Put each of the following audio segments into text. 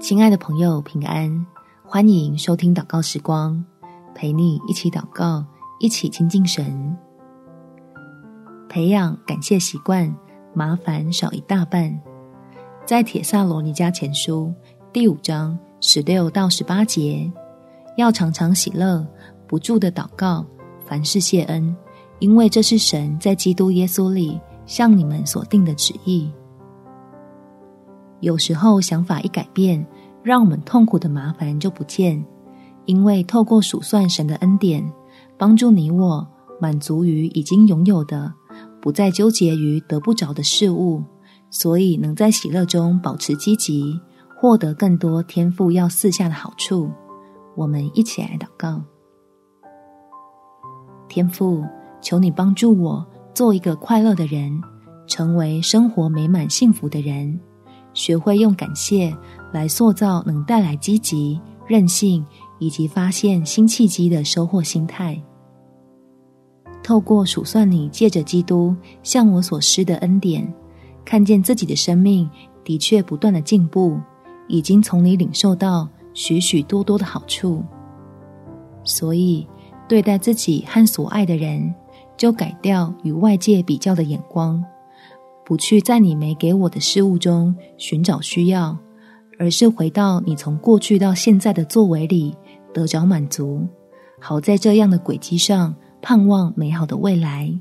親愛的朋友，平安！歡迎收聽禱告時光，陪你一起禱告，一起親近神。培養感謝習慣，麻煩少一大半。在《帖撒羅尼迦前書》第五章十六到十八節，要常常喜樂，不住的禱告，凡事謝恩，因為這是神在基督耶穌裡向你們所定的旨意。有時候想法一改變，讓我們痛苦的麻煩就不見。因為透過數算神的恩典，幫助你我滿足於已經擁有的，不再糾結於得不着的事物，所以能在喜樂中保持積極，獲得更多天父要賜下的好處。我們一起來禱告：天父，求你幫助我做一個快樂的人，成為生活美滿幸福的人。學會用感謝來塑造能帶來積極、韌性以及發現新契機的收穫心態。透過數算，你借着基督向我所施的恩典，看見自己的生命的確不斷地進步，已經從你領受到許許多多的好處。所以，對待自己和所愛的人，就改掉與外界比較的眼光。不去在你沒給我的事物中尋找需要，而是回到你從過去到現在的作為裡得着滿足，好在這樣的軌跡上盼望美好的未來。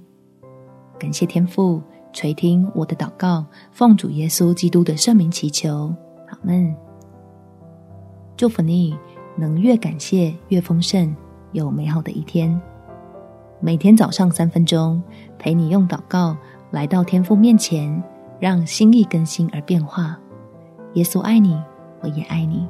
感謝天父垂聽我的禱告，奉主耶穌基督的聖名祈求，阿門。祝福你能越感謝越豐盛，有美好的一天。每天早上三分鐘陪你用禱告。來到天父面前，讓心意更新而變化。耶穌愛你，我也愛你。